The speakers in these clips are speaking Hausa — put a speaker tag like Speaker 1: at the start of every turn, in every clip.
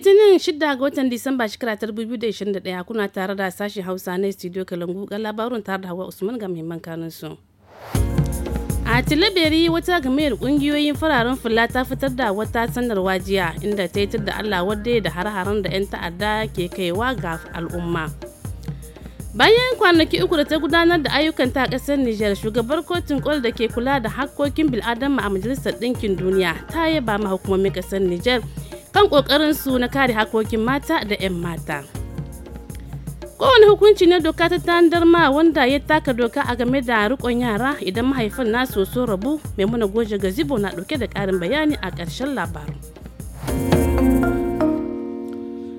Speaker 1: litinin 6 ga watan disamba shekara ta 2021 kuna tare da sashen hausa na studio kalangu ga labarin tare da hawa usman ga muhimman kanun su a tilaberi wata gamayar kungiyoyin fararen fula ta fitar da wata sanarwa jiya inda ta yi da allah wadda da har-haren da 'yan ta'adda ke kaiwa ga al'umma bayan kwanaki uku da ta gudanar da ayyukan ta kasar Nijar shugabar kotun kol da ke kula da hakkokin bil'adama a majalisar ɗinkin duniya ta yaba ma hukumomin kasar Nijar kan su na kare hakokin mata da 'yan mata. kowane hukunci na doka ta tandar ma wanda ya taka doka a game da rikon yara idan mahaifin na so rabu mai muna goje gazibo na dauke da karin bayani a ƙarshen labarin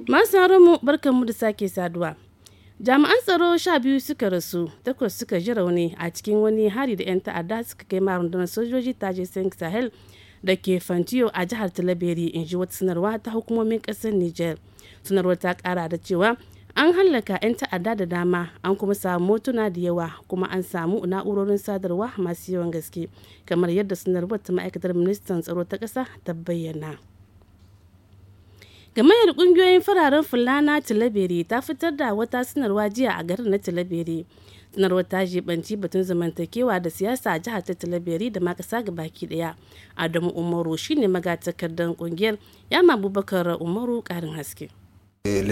Speaker 1: masu mu barkan mu da sake saduwa jami'an tsaro sha biyu suka rasu takwas suka ji rauni a cikin wani hari da 'yan ta'adda suka kai ma rundunar sojoji taje sahel da ke fantiyo a jihar talabiri in ji wata sanarwa ta hukumomin kasar niger sanarwar ta kara da cewa an hallaka 'yan ta'adda da dama an kuma samu motuna da yawa kuma an samu na'urorin sadarwa masu yawan gaske kamar yadda sanarwar ta ma'aikatar ministan tsaro ta ƙasa ta bayyana gamayyar kungiyoyin fararen fulana tilabere ta fitar da wata sanarwa jiya a garin na tilabere sanarwar ta jibanci batun zamantakewa da siyasa a jihar ta talabiri da ma ga baki daya adamu umaru shine magatakardan kungiyar yama abubakar umaru karin haske
Speaker 2: Eh,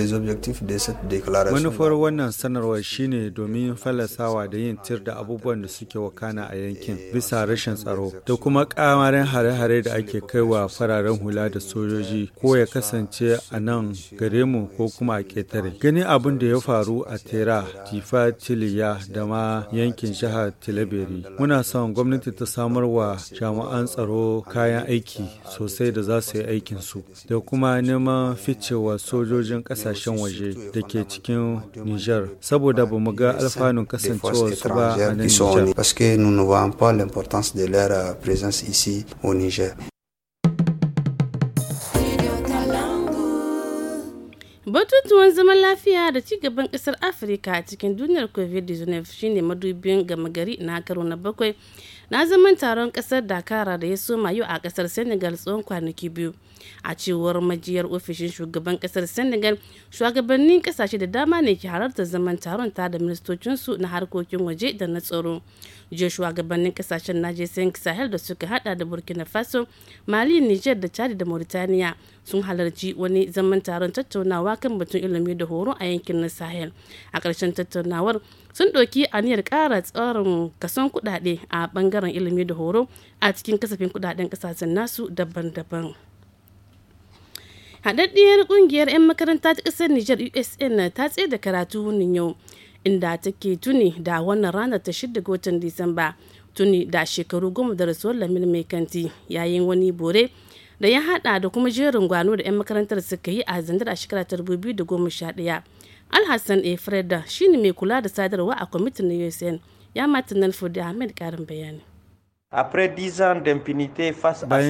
Speaker 2: Manufar wannan sanarwar shine domin fallasawa da yin tir da abubuwan da suke wakana a yankin bisa rashin tsaro da kuma kamarin hare-hare da ake kaiwa fararen hula da sojoji ko ya kasance a nan gare mu ko kuma a ketare. Gani abin da ya faru a Tera, Jifa, Tiliya da ma yankin jihar Tilaberi. Muna son gwamnati ta samar wa jami'an tsaro kayan aiki sosai da za su yi aikinsu da kuma neman ficewa sojojin cikin kasashen waje da ke cikin Nijar saboda ba mu ga alfanun kasancewar su ba a nan Nijar. Euh,
Speaker 1: batutuwan zaman lafiya da ci gaban kasar afirka a cikin duniyar covid-19 shine madubin gama gari na karo na bakwai na zaman taron kasar dakara da ya soma yau a kasar senegal tsohon kwanaki biyu a cewar majiyar ofishin shugaban kasar senegal shugabannin kasashe da dama ne ke halartar zaman taron ta da ministocinsu na harkokin waje da na tsaro jiya shugabannin kasashen naje sahel da suka hada da burkina faso mali niger da chad da mauritania sun halarci wani zaman taron tattaunawa kan batun ilimi da horo a yankin na sahel a ƙarshen tattaunawar sun ɗauki aniyar ƙara tsarin kason kuɗaɗe a ɓangaren ilimi da horo a cikin kasafin kuɗaɗen ƙasashen nasu daban-daban. haɗaɗɗiyar ƙungiyar 'yan makaranta ta ƙasar Nijar USN ta tsaye da karatu wunin yau inda take tuni da wannan ranar ta shida ga watan Disamba tuni da shekaru goma da rasuwar Lamil Mai Kanti yayin wani bore da ya haɗa da kuma jerin gwano da 'yan makarantar suka yi a zandar a shekara ta 2011. alhassan efreda shine mai kula da sadarwa a kwamitin na usn ya matanar fudi ahmed karin bayani
Speaker 2: Bayan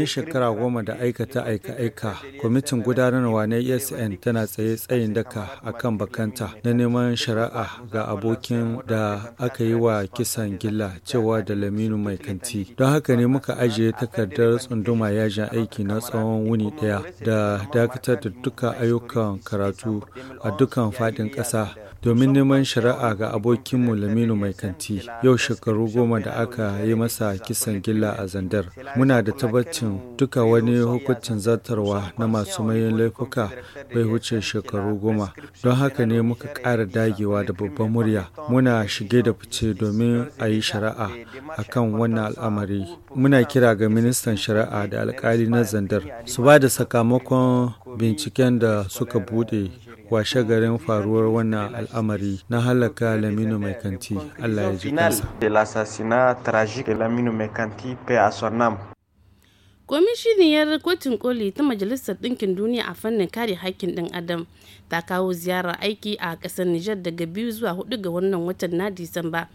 Speaker 2: shekara goma da aikata aika-aika, kwamitin gudanarwa na ESN tana tsaye tsayin daka a kan bakanta na neman shari'a ga abokin da aka yi wa kisan gilla cewa da laminu mai kanti. Don haka ne muka ajiye takardar tsunduma yajin aiki na tsawon wuni daya da dakatar da duka ayyukan karatu a dukan faɗin ƙasa domin neman shari'a ga abokinmu Laminu Mai Kanti yau shekaru goma da aka yi masa kisan gilla a Zandar. Muna da tabbacin duka wani hukuncin zartarwa na masu mayan laifuka bai wuce shekaru goma. Don haka ne muka ƙara dagewa da babban murya. Muna shige da fice domin a yi shari'a a kan wannan al'amari. Muna kira ga ministan shari'a da alkali na Zandar su ba da sakamakon binciken da suka bude washe garin faruwar wannan al'amari. al'amari na halaka Laminu Mai Kanti. Allah ya ji kansa.
Speaker 1: Kwamishiniyar Kotun Koli ta Majalisar Ɗinkin Duniya a fannin kare haƙƙin ɗan Adam ta kawo ziyarar aiki a ƙasar Nijar daga biyu zuwa hudu ga wannan watan na Disamba.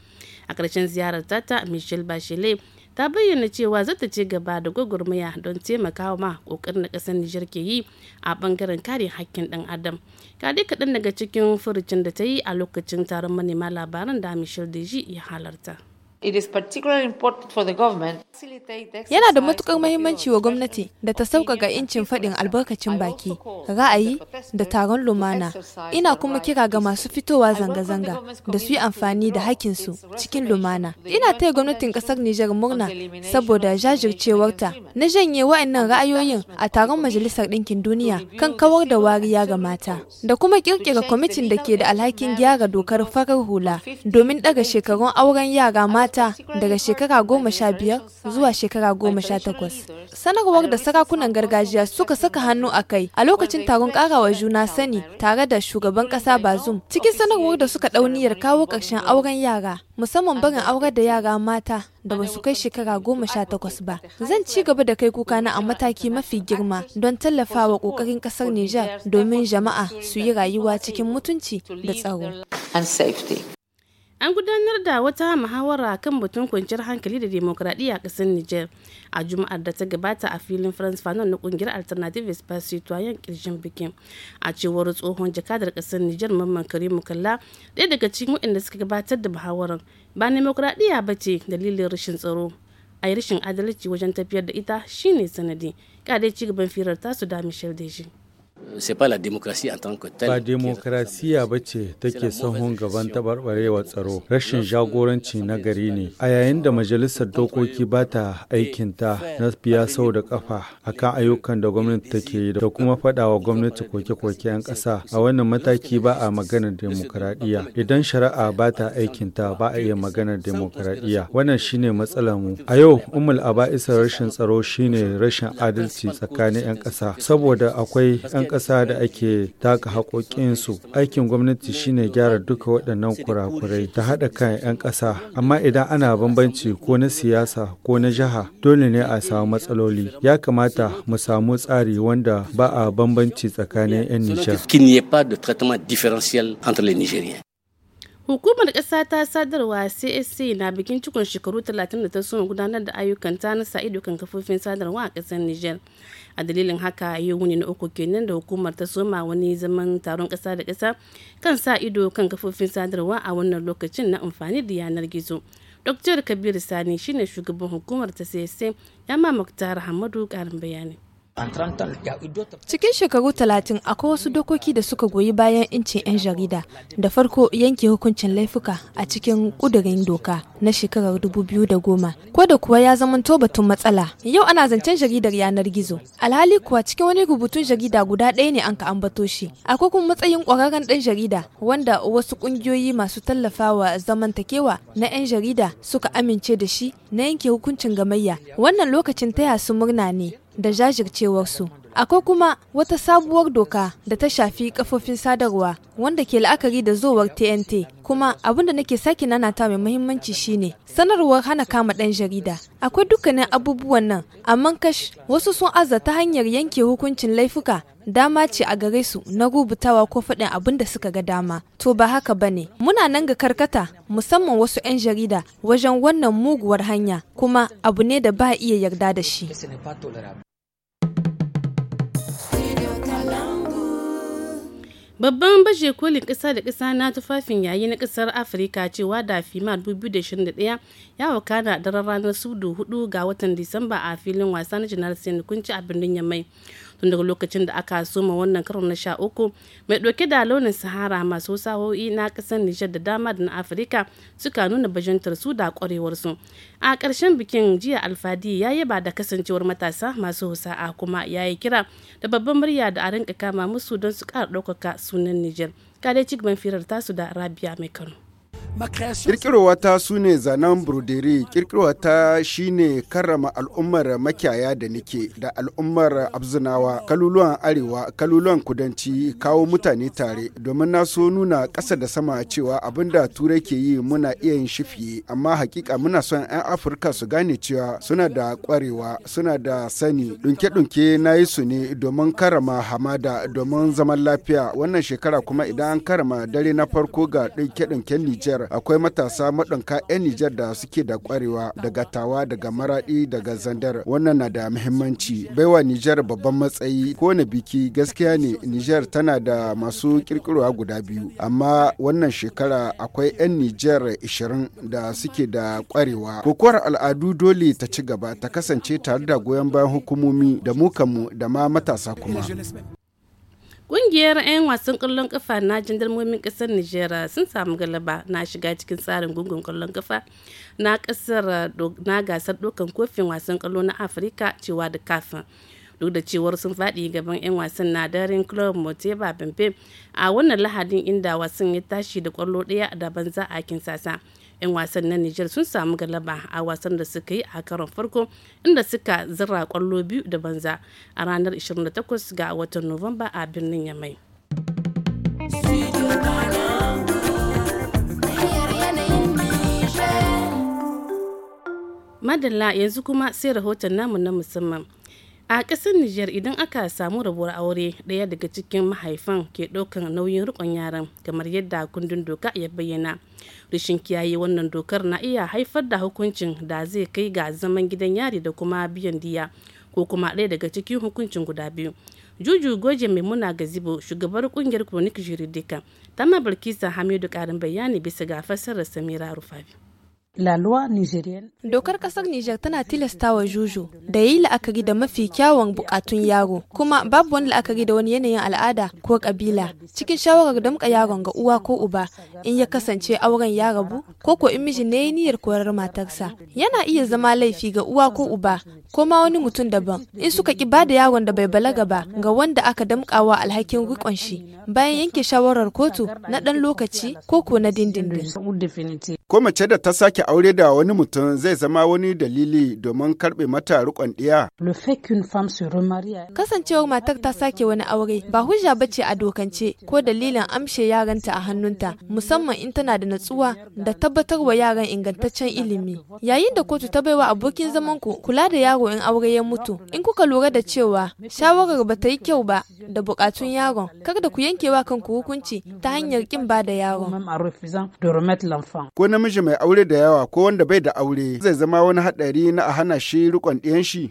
Speaker 1: A ƙarshen ziyarar tata Michel Bachelet ta bayyana cewa za ta ce gaba da gwagwarmaya don taimakawa ma kokarin da kasar Nijar ke yi a bangaren kare hakkin dan adam. Ga dai kaɗan daga cikin furucin da ta yi a lokacin taron manema labaran da Michel Deji ya halarta.
Speaker 3: Yana da matukar mahimmanci wa gwamnati da ta sauƙaƙa incin faɗin albarkacin baki, ra'ayi da taron lumana. Ina kuma kira ga masu fitowa zanga-zanga da su yi amfani da hakinsu cikin lumana. Ina taya gwamnatin ƙasar Nijar murna saboda jajircewarta na janye wa'annan ra'ayoyin a taron Majalisar Ɗinkin Duniya kan kawar da wariya ga mata da kuma ƙirƙira kwamitin da ke da alhakin gyara dokar farar hula domin ɗaga shekarun auren yara mata mata daga shekara goma sha biyar zuwa shekara goma sha takwas. Sanarwar da sarakunan gargajiya suka saka hannu a kai a lokacin taron karawa juna sani tare da shugaban kasa Bazum. Cikin sanarwar da suka dau niyyar kawo ƙarshen auren yara musamman barin aurar da yara mata da basu kai shekara goma sha takwas ba. Zan ci gaba da kai kukana a mataki mafi girma don tallafawa kokarin kasar Nijar domin jama'a su yi rayuwa cikin mutunci da tsaro.
Speaker 1: an gudanar da wata muhawara kan batun kwanciyar hankali da demokradiyya a ƙasar niger a juma'ar da ta gabata a filin france fanon na kungiyar alternative espace citoyen ƙirjin bikin a cewar tsohon jakadar ƙasar niger mamman mu kalla ɗaya daga cikin waɗanda suka gabatar da muhawarar ba demokradiyya ba ce dalilin rashin tsaro a rashin adalci wajen tafiyar da ita shine sanadi ƙadai ci gaban firar tasu da michel deji
Speaker 4: Euh, ba demokrasiya
Speaker 2: ba ce take sahun gaban tabarbarewa tsaro, rashin jagoranci na gari ne. A yayin da majalisar dokoki ba ta aikinta na biya sau da kafa akan ayyukan da gwamnati take yi da kuma faɗawa gwamnati koke-koke 'yan ƙasa a wannan mataki ba a maganar demokradiyya. Idan shari'a ba ta aikinta ba a iya maganar demokradiyya. Wannan shine matsalar mu. A yau umul aba'isar rashin tsaro shine rashin adalci tsakanin 'yan ƙasa saboda akwai 'yan ƙasa da ake taka haƙoƙinsu aikin gwamnati shine gyara duka waɗannan kurakurai ta haɗa kan 'yan ƙasa amma idan ana bambanci ko na siyasa ko na jiha dole ne a samu matsaloli ya kamata mu samu tsari wanda ba a bambanci tsakanin 'yan Nijar.
Speaker 1: Hukumar ƙasa ta sadarwa CSC na bikin cikon shekaru 30 da ta soma gudanar da ayyukan ta na sa'ido kan kafofin sadarwa a ƙasar Nijar. A dalilin haka yau wuni na uku kenan da hukumar ta soma wani zaman taron ƙasa da ƙasa kan sa ido kan kafofin sadarwa a wannan lokacin na amfani da yanar gizo. Dr. Kabir Sani shine shugaban hukumar ta CSC ya ma Muktar Hamadu ƙarin bayani. Cikin shekaru
Speaker 3: talatin akwai wasu dokoki da suka goyi bayan incin 'yan jarida da farko yanke hukuncin laifuka a cikin ƙudurin doka na shekarar 2010. Ko da kuwa ya zama batun matsala, yau ana zancen jaridar yanar gizo. Alhali kuwa cikin wani rubutun jarida guda ɗaya ne an ka ambato shi. Akwai kuma matsayin ƙwararren ɗan jarida wanda wasu ƙungiyoyi masu tallafawa zamantakewa na 'yan jarida suka amince da shi na yanke hukuncin gamayya. Wannan lokacin taya su murna ne da jajircewar su Akwai kuma wata sabuwar doka da ta shafi kafofin sadarwa wanda ke la'akari da zowar TNT kuma abinda nake sake nanata mai muhimmanci shine sanarwar hana kama ɗan jarida. Akwai dukkanin abubuwan nan amma kash wasu sun aza ta hanyar yanke hukuncin laifuka dama ce a gare su na rubutawa ko faɗin abin da suka ga dama. To ba haka ba ne, muna nan ga karkata musamman wasu 'yan jarida wajen wannan muguwar hanya kuma abu ne da ba iya yarda da shi.
Speaker 1: Babban baje kolin ƙasa da ƙasa na tufafin yayi na ƙasar Afirka cewa da fima 2021 ya wakana daren ranar sudu hudu ga watan Disamba a filin wasa na Janar Sani Kunci a birnin Yamai. tun daga lokacin da aka soma wannan karon na sha uku mai ɗauke da launin sahara masu sahohi na ƙasar nijar da dama da na afirka suka nuna bajantar su da kwarewarsu a karshen bikin jiya alfadi ya yaba da kasancewar matasa masu sa'a kuma ya yi kira da babban murya da a rinka kama musu don su kara ɗaukaka sunan nijar kadai cik firar tasu da rabia mai kano
Speaker 4: Kirkirowa ta su ne zanen broderi, kirkirowa ta shi ne karrama al'ummar makiyaya da nike da al'ummar abzunawa, kaluluwan arewa, kaluluwan kudanci, kawo mutane tare, domin na so nuna ƙasa da sama cewa abin da turai ke yi muna iya yin shifiye, amma hakika muna son 'yan Afirka su gane cewa suna da ƙwarewa, suna da sani, ɗunke-ɗunke na yi su ne domin karrama hamada, domin zaman lafiya, wannan shekara kuma idan an karrama dare na farko ga ɗunke-ɗunken Nijar akwai matasa maɗanka 'yan Nijar da suke da ƙwarewa daga tawa daga maraɗi daga zandar wannan na da muhimmanci baiwa Nijar babban matsayi ko na biki gaskiya ne Nijar tana da masu kirkirowa guda biyu amma wannan shekara akwai 'yan Nijar 20 da suke da ƙwarewa. Kokowar al'adu dole ta ci gaba ta kasance tare da goyon bayan hukumomi da mu da ma matasa kuma.
Speaker 1: Ƙungiyar 'yan wasan kwallon kafa na jandarmomin kasar Nijera sun samu galaba na shiga cikin tsarin gungun ƙwallon ƙafa na ƙasar na gasar dokan kofin wasan kallo na Afirka cewa da kafin. Duk da cewar sun faɗi gaban 'yan wasan na daren Club Moteba Bembe a wannan lahadin inda wasan ya tashi da kwallo ɗaya da banza a kin sasa. 'yan wasan na Nijar sun samu galaba a wasan da suka yi a karon farko inda suka zira kwallo biyu da banza a ranar 28 ga watan nuwamba a birnin yamai madalla yanzu kuma sai rahoton namu na musamman a ƙasar nijar idan aka samu rabuwar aure ɗaya daga cikin mahaifan ke ɗaukar nauyin rikon yaran kamar yadda kundin doka ya bayyana rashin kiyaye wannan dokar na iya haifar da hukuncin da zai kai ga zaman gidan yari da kuma biyan diya ko kuma ɗaya daga cikin hukuncin guda biyu juju goje maimuna gazibo shugabar kungiyar kronik jiridika tama bilkisa hamidu karin bayani bisa ga fassarar samira rufafi Dokar
Speaker 3: kasar Nijar tana tilasta wa juju da yi la'akari da mafi kyawun bukatun yaro, kuma babu wani la'akari da wani yanayin al'ada ko kabila cikin shawarar damka yaron ga uwa ko uba in ya kasance auren ya rabu ko ko in miji ne niyyar korar matarsa. Yana iya zama laifi ga uwa ko uba ko ma wani mutum daban in suka ki ba da yaron da bai balaga ba ga wanda aka damkawa alhakin rikon shi bayan yanke shawarar kotu na ɗan lokaci ko ko na dindindin.
Speaker 4: Ko mace da ta sake aure da wani mutum zai zama wani dalili domin karbe mata rikon ɗiya.
Speaker 3: Kasancewar matar ta sake wani aure ba hujja ba ce a dokance ko dalilin amshe yaranta a hannunta musamman in tana da natsuwa da tabbatar wa yaran ingantaccen ilimi. Yayin da kotu ta baiwa abokin zamanku kula da yaro in aure ya mutu in kuka lura da cewa shawarar ba ta yi kyau ba da bukatun yaron kar da ku yankewa kanku hukunci ta hanyar kin ba da yaron.
Speaker 4: namiji mai aure da yawa ko wanda bai da aure zai zama wani haɗari na a hana shi rikon ɗiyan shi.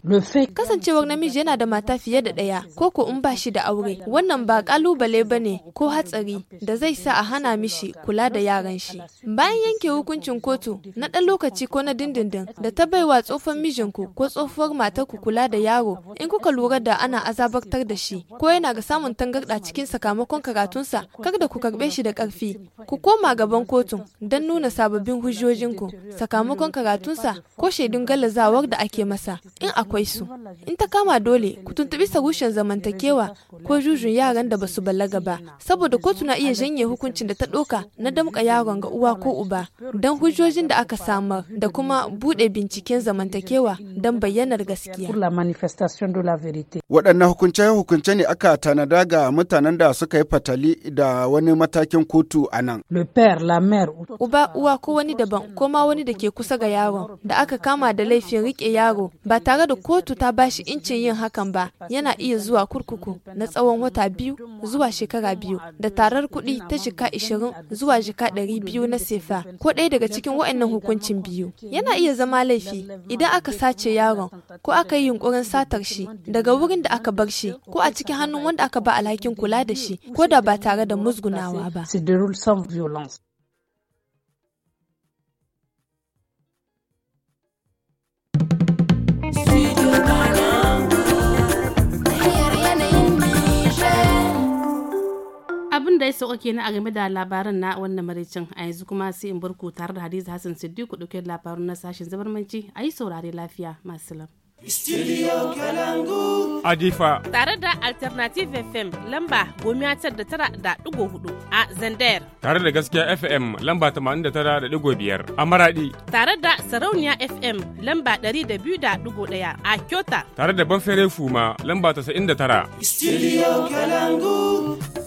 Speaker 3: Kasancewar namiji yana da mata fiye da ɗaya ko ko in ba shi da aure wannan ba kalubale ba ne ko hatsari da zai sa a hana mishi kula da yaran shi. Bayan yanke hukuncin kotu na ɗan lokaci ko na dindindin da ta bai wa tsofan mijinku ko tsofuwar matarku kula da yaro in kuka lura da ana azabartar da shi ko yana ga samun tangarɗa cikin sakamakon karatunsa kar da ku karɓe shi da ƙarfi ku koma gaban kotun don nuna sabon sababbin hujjojinku sakamakon karatunsa ko shaidun gallazawar da ake masa in akwai su in ta kama dole ku tuntubi sagushen zamantakewa ko jujun yaran da basu balaga ba saboda kotu na iya janye hukuncin da ta ɗauka na damka yaron ga uwa ko uba don hujjojin da aka samar da kuma buɗe binciken zamantakewa don bayyanar gaskiya
Speaker 4: waɗannan hukunce-hukunce ne aka tanada ga mutanen da suka yi fatali da wani matakin kotu a nan
Speaker 3: uba uwa ko wani daban ko ma wani da ke kusa ga yaron da aka kama da laifin rike yaro ba tare da kotu ta bashi incin yin hakan ba yana iya zuwa kurkuku na tsawon wata biyu zuwa shekara biyu da tarar kuɗi ta shika ishirin zuwa jika ɗari biyu na sefa ko ɗaya daga cikin waɗannan hukuncin biyu yana iya zama laifi idan aka sace yaron ko aka yi yunkurin satar shi daga wurin da aka bar shi ko a cikin hannun wanda aka ba alhakin kula da shi ko da ba tare da musgunawa ba.
Speaker 1: abin da ya sauka kenan a game da labaran na wannan maraicin a yanzu kuma sai in barku tare da hadiza hassan siddiqu dauke da labarun na sashen zabarmanci a yi saurare lafiya masu lam.
Speaker 4: Studio Kalangu. Adifa.
Speaker 1: Tare da Alternative FM lamba gomiya tar da tara da ɗigo hudu a Zandayar.
Speaker 4: Tare da gaskiya FM lamba tamanin da tara da ɗigo biyar a Maradi.
Speaker 1: Tare da Sarauniya FM lamba ɗari da biyu da ɗigo ɗaya a Kyota.
Speaker 4: Tare da Banfere Fuma lamba tasa'in da tara. Studio Kalangu.